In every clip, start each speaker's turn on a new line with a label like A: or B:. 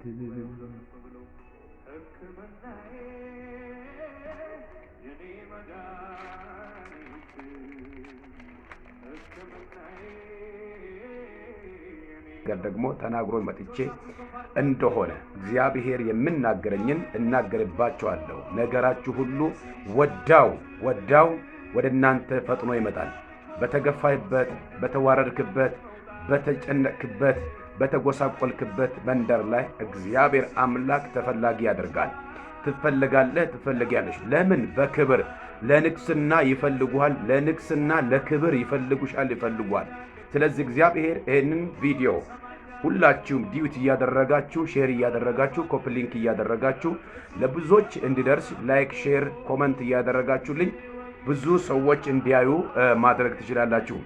A: ነገር ደግሞ ተናግሮ መጥቼ እንደሆነ እግዚአብሔር የምናገረኝን እናገርባቸዋለሁ። ነገራችሁ ሁሉ ወዳው ወዳው ወደ እናንተ ፈጥኖ ይመጣል። በተገፋይበት፣ በተዋረድክበት፣ በተጨነቅክበት በተጎሳቆልክበት መንደር ላይ እግዚአብሔር አምላክ ተፈላጊ ያደርጋል። ትፈልጋለህ፣ ትፈልጊያለሽ። ለምን? በክብር ለንግስና ይፈልጉሃል። ለንግስና ለክብር ይፈልጉሻል፣ ይፈልጓል። ስለዚህ እግዚአብሔር ይህንን ቪዲዮ ሁላችሁም ዲዩት እያደረጋችሁ ሼር እያደረጋችሁ ኮፕ ሊንክ እያደረጋችሁ ለብዙዎች እንዲደርስ ላይክ፣ ሼር፣ ኮመንት እያደረጋችሁልኝ ብዙ ሰዎች እንዲያዩ ማድረግ ትችላላችሁ።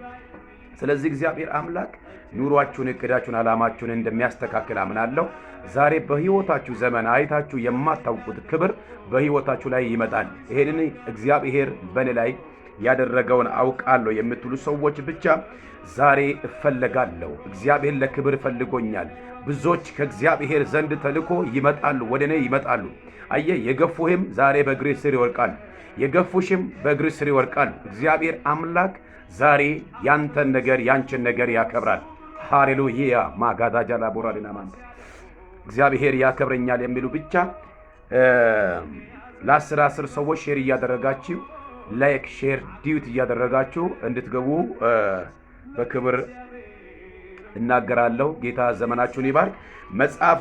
A: ስለዚህ እግዚአብሔር አምላክ ኑሯችሁን፣ እቅዳችሁን፣ ዓላማችሁን እንደሚያስተካክል አምናለሁ። ዛሬ በሕይወታችሁ ዘመን አይታችሁ የማታውቁት ክብር በሕይወታችሁ ላይ ይመጣል። ይሄንን እግዚአብሔር በእኔ ላይ ያደረገውን አውቃለሁ የምትሉ ሰዎች ብቻ ዛሬ እፈለጋለሁ፣ እግዚአብሔር ለክብር ፈልጎኛል። ብዙዎች ከእግዚአብሔር ዘንድ ተልኮ ይመጣሉ፣ ወደ እኔ ይመጣሉ። አየ የገፉህም ዛሬ በእግሬ ስር የገፉሽም በእግር ስር ይወርቃሉ። እግዚአብሔር አምላክ ዛሬ ያንተን ነገር ያንችን ነገር ያከብራል። ሃሌሉያ ማጋዳጃ ላቦራሪና ማንተ እግዚአብሔር ያከብረኛል የሚሉ ብቻ ለአስር አስር ሰዎች ሼር እያደረጋችሁ ላይክ ሼር ዲዩት እያደረጋችሁ እንድትገቡ በክብር እናገራለሁ። ጌታ ዘመናችሁን ይባርክ። መጽሐፍ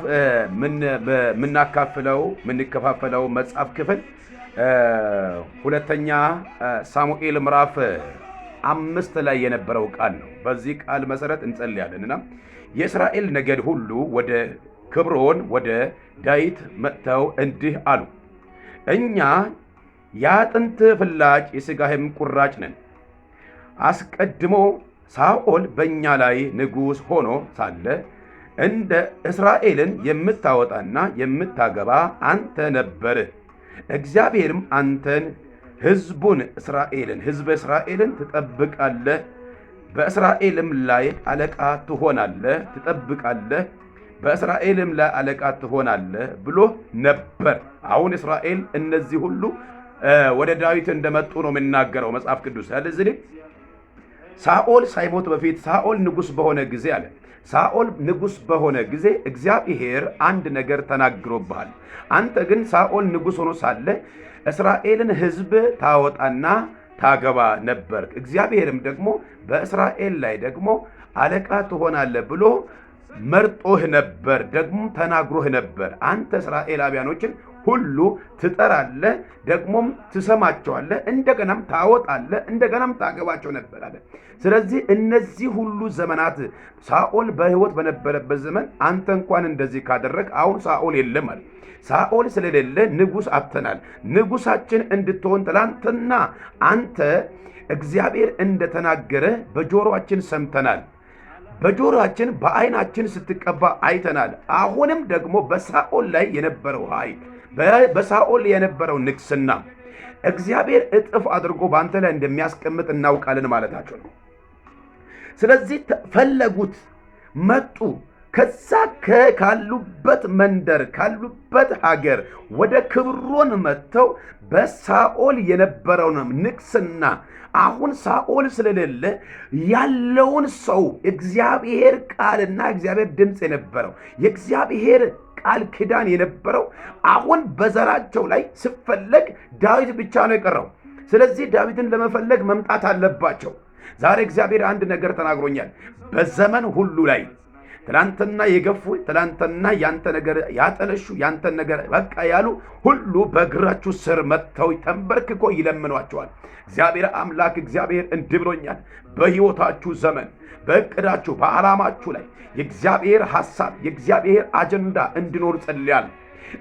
A: ምናካፍለው የምንከፋፈለው መጽሐፍ ክፍል ሁለተኛ ሳሙኤል ምዕራፍ አምስት ላይ የነበረው ቃል ነው። በዚህ ቃል መሰረት እንጸልያለን እና የእስራኤል ነገድ ሁሉ ወደ ክብሮን ወደ ዳዊት መጥተው እንዲህ አሉ፣ እኛ የአጥንት ፍላጭ የሥጋህም ቁራጭ ነን። አስቀድሞ ሳኦል በእኛ ላይ ንጉሥ ሆኖ ሳለ እንደ እስራኤልን የምታወጣና የምታገባ አንተ ነበርህ እግዚአብሔርም አንተን ሕዝቡን እስራኤልን ሕዝበ እስራኤልን ትጠብቃለህ፣ በእስራኤልም ላይ አለቃ ትሆናለህ ትጠብቃለህ፣ በእስራኤልም ላይ አለቃ ትሆናለህ ብሎ ነበር። አሁን እስራኤል እነዚህ ሁሉ ወደ ዳዊት እንደመጡ ነው የሚናገረው መጽሐፍ ቅዱስ። ስለዚህ ሳኦል ሳይሞት በፊት ሳኦል ንጉሥ በሆነ ጊዜ አለ ሳኦል ንጉሥ በሆነ ጊዜ እግዚአብሔር አንድ ነገር ተናግሮብሃል። አንተ ግን ሳኦል ንጉሥ ሆኖ ሳለ እስራኤልን ሕዝብ ታወጣና ታገባ ነበር። እግዚአብሔርም ደግሞ በእስራኤል ላይ ደግሞ አለቃ ትሆናለህ ብሎ መርጦህ ነበር፣ ደግሞ ተናግሮህ ነበር። አንተ እስራኤላውያኖችን ሁሉ ትጠራለህ፣ ደግሞም ትሰማቸዋለህ፣ እንደገናም ታወጣለህ፣ እንደገናም ታገባቸው ነበር አለ። ስለዚህ እነዚህ ሁሉ ዘመናት ሳኦል በሕይወት በነበረበት ዘመን አንተ እንኳን እንደዚህ ካደረግ አሁን ሳኦል የለም አለ። ሳኦል ስለሌለ ንጉሥ አተናል። ንጉሳችን እንድትሆን ትላንትና አንተ እግዚአብሔር እንደተናገረ በጆሮአችን ሰምተናል። በጆሮአችን በዓይናችን ስትቀባ አይተናል። አሁንም ደግሞ በሳኦል ላይ የነበረው ኃይል በሳኦል የነበረው ንግስና እግዚአብሔር እጥፍ አድርጎ በአንተ ላይ እንደሚያስቀምጥ እናውቃለን ማለታቸው ነው። ስለዚህ ፈለጉት፣ መጡ። ከዛ ካሉበት መንደር ካሉበት ሀገር ወደ ክብሮን መጥተው በሳኦል የነበረውን ንግስና አሁን ሳኦል ስለሌለ ያለውን ሰው እግዚአብሔር ቃልና እግዚአብሔር ድምፅ የነበረው የእግዚአብሔር ቃል ኪዳን የነበረው አሁን በዘራቸው ላይ ስፈለግ ዳዊት ብቻ ነው የቀረው። ስለዚህ ዳዊትን ለመፈለግ መምጣት አለባቸው። ዛሬ እግዚአብሔር አንድ ነገር ተናግሮኛል። በዘመን ሁሉ ላይ ትላንትና የገፉ ትላንትና ያንተ ነገር ያጠለሹ ያንተን ነገር በቃ ያሉ ሁሉ በእግራችሁ ስር መጥተው ተንበርክኮ ይለምኗቸዋል። እግዚአብሔር አምላክ እግዚአብሔር እንዲህ ብሎኛል በሕይወታችሁ ዘመን በእቅዳችሁ በዓላማችሁ ላይ የእግዚአብሔር ሐሳብ የእግዚአብሔር አጀንዳ እንዲኖር ጸልያል።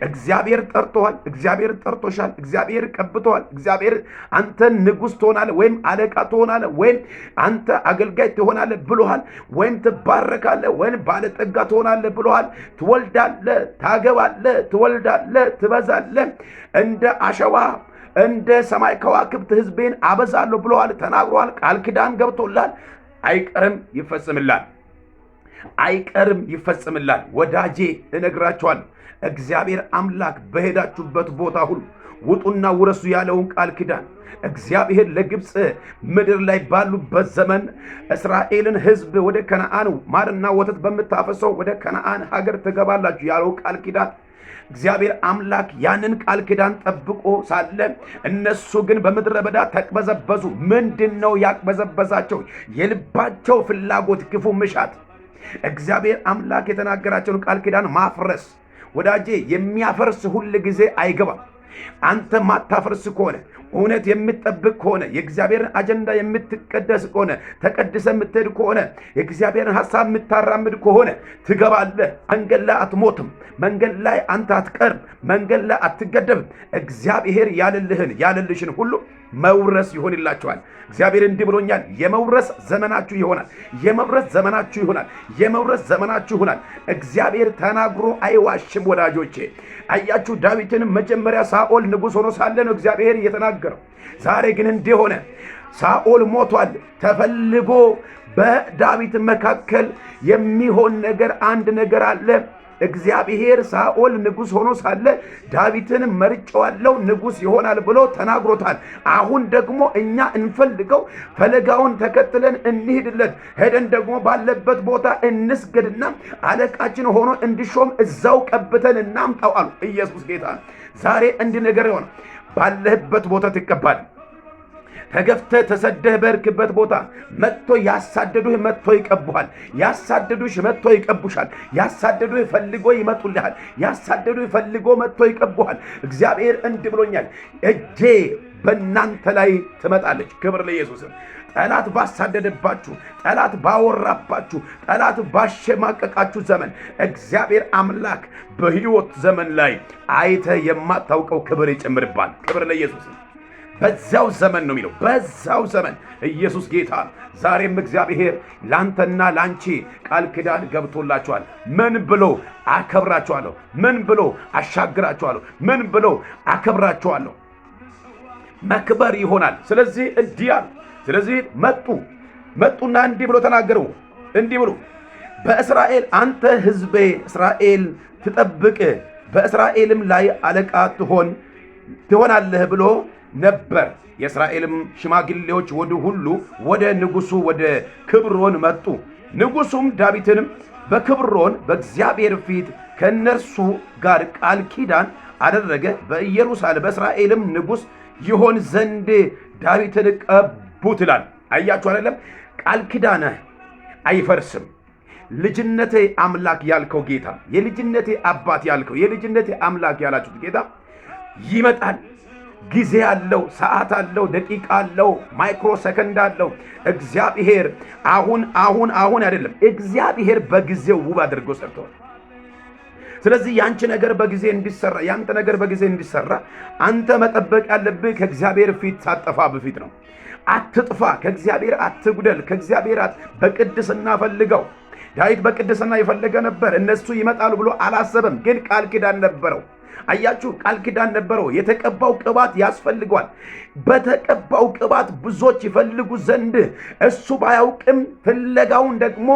A: እግዚአብሔር ጠርቶሃል። እግዚአብሔር ጠርቶሻል። እግዚአብሔር ቀብተዋል። እግዚአብሔር አንተ ንጉሥ ትሆናለህ ወይም አለቃ ትሆናለህ ወይም አንተ አገልጋይ ትሆናለህ ብሎሃል። ወይም ትባረካለህ ወይም ባለጠጋ ትሆናለህ ብሎሃል። ትወልዳለህ፣ ታገባለህ፣ ትወልዳለህ፣ ትበዛለህ እንደ አሸዋ እንደ ሰማይ ከዋክብት ሕዝቤን አበዛለሁ ብለዋል፣ ተናግሯል። ቃል ኪዳን ገብቶላል። አይቀርም ይፈጽምላል። አይቀርም ይፈጽምላል። ወዳጄ እነግራችኋለሁ፣ እግዚአብሔር አምላክ በሄዳችሁበት ቦታ ሁሉ ውጡና ውረሱ ያለውን ቃል ኪዳን እግዚአብሔር ለግብፅ ምድር ላይ ባሉበት ዘመን እስራኤልን ሕዝብ ወደ ከነአን ማርና ወተት በምታፈሰው ወደ ከነአን ሀገር ትገባላችሁ ያለው ቃል ኪዳን እግዚአብሔር አምላክ ያንን ቃል ኪዳን ጠብቆ ሳለ እነሱ ግን በምድረ በዳ ተቅበዘበዙ። ምንድን ነው ያቅበዘበዛቸው? የልባቸው ፍላጎት፣ ክፉ ምሻት፣ እግዚአብሔር አምላክ የተናገራቸውን ቃል ኪዳን ማፍረስ። ወዳጄ የሚያፈርስ ሁል ጊዜ አይገባም። አንተ ማታፈርስ ከሆነ እውነት የምትጠብቅ ከሆነ የእግዚአብሔርን አጀንዳ የምትቀደስ ከሆነ ተቀድሰ የምትሄድ ከሆነ የእግዚአብሔርን ሀሳብ የምታራምድ ከሆነ ትገባለህ። መንገድ ላይ አትሞትም። መንገድ ላይ አንተ አትቀርም። መንገድ ላይ አትገደብም። እግዚአብሔር ያልልህን ያልልሽን ሁሉ መውረስ ይሆንላችኋል። እግዚአብሔር እንዲህ ብሎኛል። የመውረስ ዘመናችሁ ይሆናል። የመውረስ ዘመናችሁ ይሆናል። የመውረስ ዘመናችሁ ይሆናል። እግዚአብሔር ተናግሮ አይዋሽም። ወዳጆቼ አያችሁ ዳዊትን መጀመሪያ ሳ ሳኦል ንጉሥ ሆኖ ሳለ ነው እግዚአብሔር እየተናገረው። ዛሬ ግን እንዲህ ሆነ። ሳኦል ሞቷል። ተፈልጎ በዳዊት መካከል የሚሆን ነገር አንድ ነገር አለ። እግዚአብሔር ሳኦል ንጉሥ ሆኖ ሳለ ዳዊትን መርጨዋለው ንጉሥ ይሆናል ብሎ ተናግሮታል። አሁን ደግሞ እኛ እንፈልገው ፈለጋውን ተከትለን እንሂድለት። ሄደን ደግሞ ባለበት ቦታ እንስገድና አለቃችን ሆኖ እንዲሾም እዛው ቀብተን እናምጣው አሉ። ኢየሱስ ጌታ ዛሬ እንዲህ ነገር ባለህበት ቦታ ትቀባል። ተገፍተህ ተሰደህ በርክበት ቦታ መጥቶ ያሳደዱህ መጥቶ ይቀቡሃል። ያሳደዱሽ መጥቶ ይቀቡሻል። ያሳደዱህ ፈልጎ ይመጡልሃል። ያሳደዱህ ፈልጎ መጥቶ ይቀቡሃል። እግዚአብሔር እንድ ብሎኛል፣ እጄ በእናንተ ላይ ትመጣለች። ክብር ለኢየሱስም። ጠላት ባሳደደባችሁ፣ ጠላት ባወራባችሁ፣ ጠላት ባሸማቀቃችሁ ዘመን እግዚአብሔር አምላክ በሕይወት ዘመን ላይ አይተ የማታውቀው ክብር ይጨምርባል። ክብር ለኢየሱስም። በዛው ዘመን ነው የሚለው። በዛው ዘመን ኢየሱስ ጌታ። ዛሬም እግዚአብሔር ላንተና ላንቺ ቃል ኪዳን ገብቶላችኋል። ምን ብሎ አከብራችኋለሁ፣ ምን ብሎ አሻግራችኋለሁ፣ ምን ብሎ አከብራችኋለሁ። መክበር ይሆናል። ስለዚህ እንዲህ አሉ። ስለዚህ መጡ መጡና እንዲህ ብሎ ተናገሩ። እንዲህ ብሎ በእስራኤል አንተ ሕዝቤ እስራኤል ትጠብቅ፣ በእስራኤልም ላይ አለቃ ትሆን ትሆናለህ ብሎ ነበር። የእስራኤልም ሽማግሌዎች ወደ ሁሉ ወደ ንጉሡ ወደ ክብሮን መጡ። ንጉሡም ዳዊትንም በክብሮን በእግዚአብሔር ፊት ከእነርሱ ጋር ቃል ኪዳን አደረገ። በኢየሩሳሌም በእስራኤልም ንጉሥ ይሆን ዘንድ ዳዊትን ቀቡት ይላል። አያችሁ አይደለም? ቃል ኪዳንህ አይፈርስም። ልጅነቴ አምላክ ያልከው ጌታ፣ የልጅነቴ አባት ያልከው፣ የልጅነቴ አምላክ ያላችሁት ጌታ ይመጣል። ጊዜ አለው፣ ሰዓት አለው፣ ደቂቃ አለው፣ ማይክሮ ሰከንድ አለው። እግዚአብሔር አሁን አሁን አሁን አይደለም፣ እግዚአብሔር በጊዜው ውብ አድርጎ ሰርተዋል። ስለዚህ ያንቺ ነገር በጊዜ እንዲሰራ፣ ያንተ ነገር በጊዜ እንዲሰራ አንተ መጠበቅ ያለብህ ከእግዚአብሔር ፊት ሳጠፋ በፊት ነው። አትጥፋ፣ ከእግዚአብሔር አትጉደል፣ ከእግዚአብሔር በቅድስና ፈልገው። ዳዊት በቅድስና የፈለገ ነበር፣ እነሱ ይመጣሉ ብሎ አላሰበም፣ ግን ቃል ኪዳን ነበረው። አያችሁ፣ ቃል ኪዳን ነበረው። የተቀባው ቅባት ያስፈልገዋል። በተቀባው ቅባት ብዙዎች ይፈልጉ ዘንድ እሱ ባያውቅም ፍለጋውን ደግሞ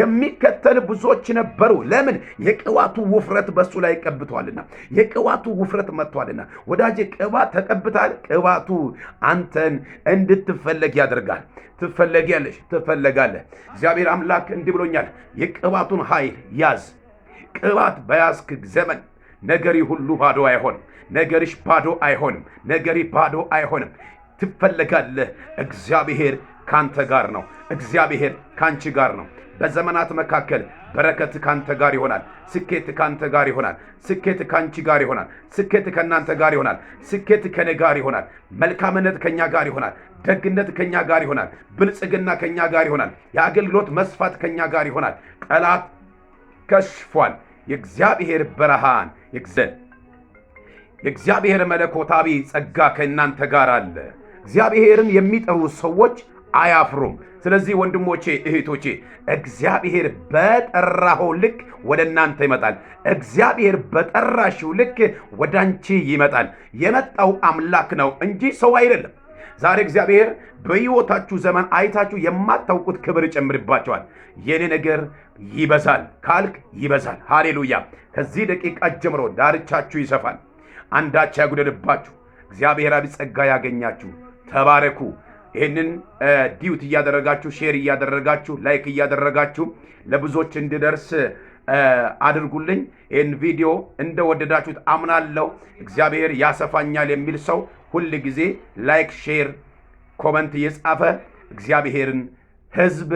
A: የሚከተል ብዙዎች ነበሩ። ለምን? የቅባቱ ውፍረት በሱ ላይ ቀብተዋልና፣ የቅባቱ ውፍረት መጥቷልና። ወዳጅ ቅባት ተቀብታል። ቅባቱ አንተን እንድትፈለግ ያደርጋል። ትፈለጊያለሽ፣ ትፈለጋለህ። እግዚአብሔር አምላክ እንዲህ ብሎኛል፣ የቅባቱን ኃይል ያዝ። ቅባት በያዝክ ዘመን ነገሪ ሁሉ ባዶ አይሆንም። ነገርሽ ባዶ አይሆንም። ነገሪ ባዶ አይሆንም። ትፈለጋለህ። እግዚአብሔር ካንተ ጋር ነው። እግዚአብሔር ካንቺ ጋር ነው። በዘመናት መካከል በረከት ካንተ ጋር ይሆናል። ስኬት ካንተ ጋር ይሆናል። ስኬት ካንቺ ጋር ይሆናል። ስኬት ከእናንተ ጋር ይሆናል። ስኬት ከኔ ጋር ይሆናል። መልካምነት ከኛ ጋር ይሆናል። ደግነት ከኛ ጋር ይሆናል። ብልጽግና ከኛ ጋር ይሆናል። የአገልግሎት መስፋት ከኛ ጋር ይሆናል። ጠላት ከሽፏል። የእግዚአብሔር ብርሃን ይግዘን። የእግዚአብሔር መለኮታዊ ጸጋ ከእናንተ ጋር አለ። እግዚአብሔርን የሚጠሩ ሰዎች አያፍሩም። ስለዚህ ወንድሞቼ እህቶቼ፣ እግዚአብሔር በጠራኸው ልክ ወደ እናንተ ይመጣል። እግዚአብሔር በጠራሽው ልክ ወደ አንቺ ይመጣል። የመጣው አምላክ ነው እንጂ ሰው አይደለም። ዛሬ እግዚአብሔር በሕይወታችሁ ዘመን አይታችሁ የማታውቁት ክብር ይጨምርባቸዋል። የኔ ነገር ይበዛል ካልክ ይበዛል። ሃሌሉያ! ከዚህ ደቂቃ ጀምሮ ዳርቻችሁ ይሰፋል። አንዳች ያጉደልባችሁ። እግዚአብሔር አብ ጸጋ ያገኛችሁ። ተባረኩ። ይህንን ዲዩት እያደረጋችሁ ሼር እያደረጋችሁ ላይክ እያደረጋችሁ ለብዙዎች እንዲደርስ አድርጉልኝ። ይህን ቪዲዮ እንደወደዳችሁት አምናለሁ። እግዚአብሔር ያሰፋኛል የሚል ሰው ሁል ጊዜ ላይክ፣ ሼር፣ ኮመንት እየጻፈ እግዚአብሔርን ህዝብ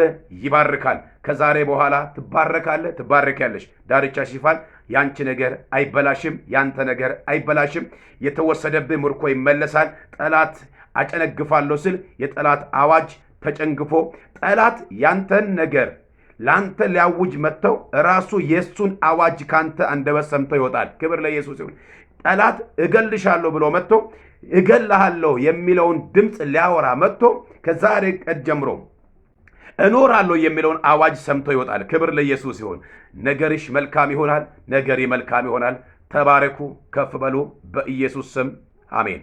A: ይባርካል። ከዛሬ በኋላ ትባረካለህ፣ ትባረኪያለሽ። ዳርቻ ሽፋን ያንቺ ነገር አይበላሽም፣ ያንተ ነገር አይበላሽም። የተወሰደብህ ምርኮ ይመለሳል። ጠላት አጨነግፋለሁ ስል የጠላት አዋጅ ተጨንግፎ ጠላት ያንተን ነገር ለአንተ ሊያውጅ መጥተው ራሱ የእሱን አዋጅ ካንተ አንደበት ሰምተው ይወጣል። ክብር ለኢየሱስ ይሁን። ጠላት እገልሻለሁ ብሎ መጥቶ እገልሃለሁ የሚለውን ድምፅ ሊያወራ መጥቶ ከዛሬ ቀን ጀምሮ እኖራለሁ የሚለውን አዋጅ ሰምቶ ይወጣል። ክብር ለኢየሱስ ይሁን። ነገርሽ መልካም ይሆናል። ነገሬ መልካም ይሆናል። ተባረኩ፣ ከፍ በሉ በኢየሱስ ስም አሜን።